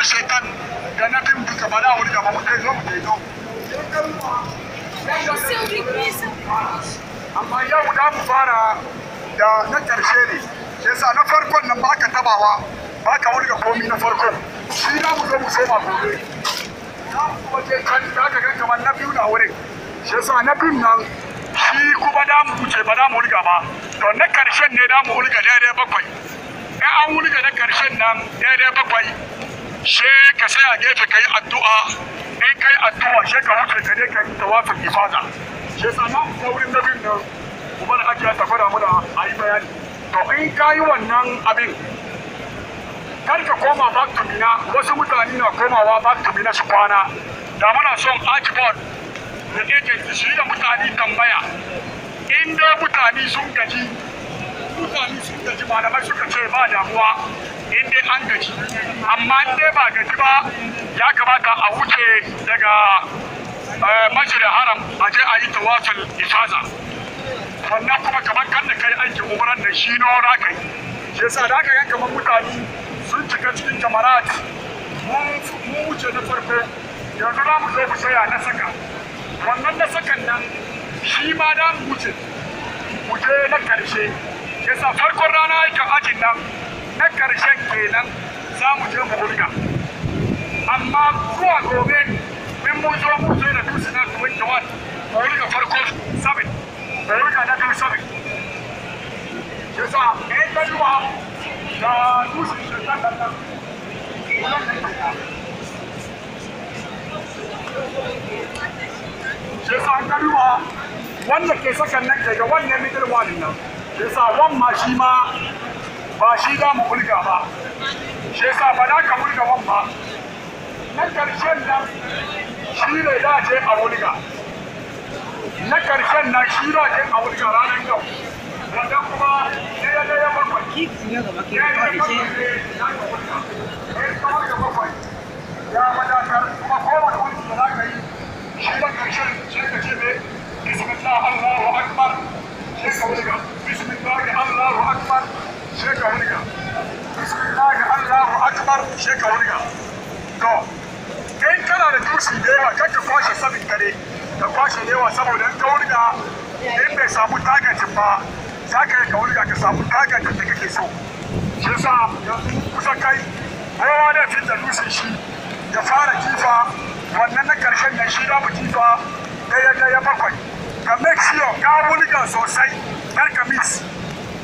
ko shaitan da na fim duka ba na wuri gaba mutai zo mu daido amma yau da mu fara da na ƙarshe ne shi yasa na farkon nan ba ka tabawa ba ka wurga komi na farkon shi na mu zo mu soma gobe za mu kuma je can za ka gan kamar na biyu na wurin shi yasa na biyu nan shi kuma da mu ce ba da mu wurga ba to na ƙarshen ne da mu wurga daidai bakwai in an wurga na ƙarshen nan daidai bakwai she ka sai a gefe ka yi addu'a in ka yi addu'a she ka wuce ka je ka yi tawafin ifada she sama na nabin nan kuma da ake ta gwada muna a yi bayani to in ka yi wannan abin kar ka koma back to mina wasu mutane na komawa back to mina su kwana da muna son archibald da agent su yi da mutane tambaya in dai mutane sun gaji mutane sun gaji malamai suka ce ba damuwa in dai an gaji amma in dai ba gaji ba ya kamata a wuce daga eh, masjid haram a je a yi tawasul ifaza wannan kuma kamar kan da kai aikin umran da shi no ra kai shi yasa da ka ga kamar mutane sun cika cikin jamarat mun wuce na farko yanzu za mu zo mu saya na saka wannan na sakan nan shi ma da mu wuce mu je na karshe yasa farkon rana aikin ajin nan na ƙarshen kenan za mu je mu hulga amma zuwa gobe min mun zo mu zo da dusu na tuwin wani farko sabin mu hulga na biyu sabin yasa ta zuwa da dusu da ɗan ɗan Shi yasa an ɗanuwa wanda ke sakan nan daga the middle wall nan shi yasa wan ma shi ma ba shi za mu burga ba shi yasa ba da ka burga wan ba na karshen nan shi ne za je a wulga na karshen nan shi za je a wulga ranar yau wannan kuma ɗaya ɗaya bakwai ya ne ma ka wulga to kai kana da tushi da yawa kan kwashe sabin kare kwashe yawa saboda in in bai samu tagacin ba za ka yi ka da kake so shi yasa kai kowa da shi ya fara kifa wannan na karshen nan shi mu daya daya bakwai ka ka wulga sosai kar ka miss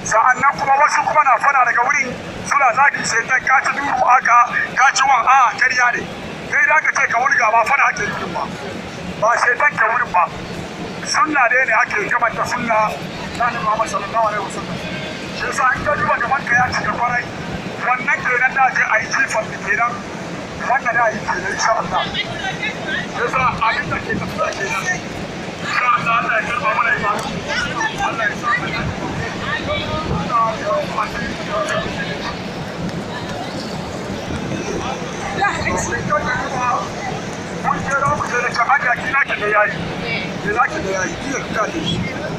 sa'annan kuma wasu kuma na fana daga wurin suna zagin sai ta kaci duru aka kaci wan a karya ne kai da aka ce ka wurga ba fana ake yi ba ba ta ka wurin ba sunna dai ne ake ta sunna na ne Muhammad sallallahu alaihi wasu shi sa in ka duba gaban ka ya cika kwarai wannan kenan da je a yi jifan da kenan wannan da yi kenan insha Allah sa abin da ke tafiya kenan insha Allah Allah ya karba mana ibadu Allah ya sa mana Kan ce da mutum da kamar yaki naki da yayi, da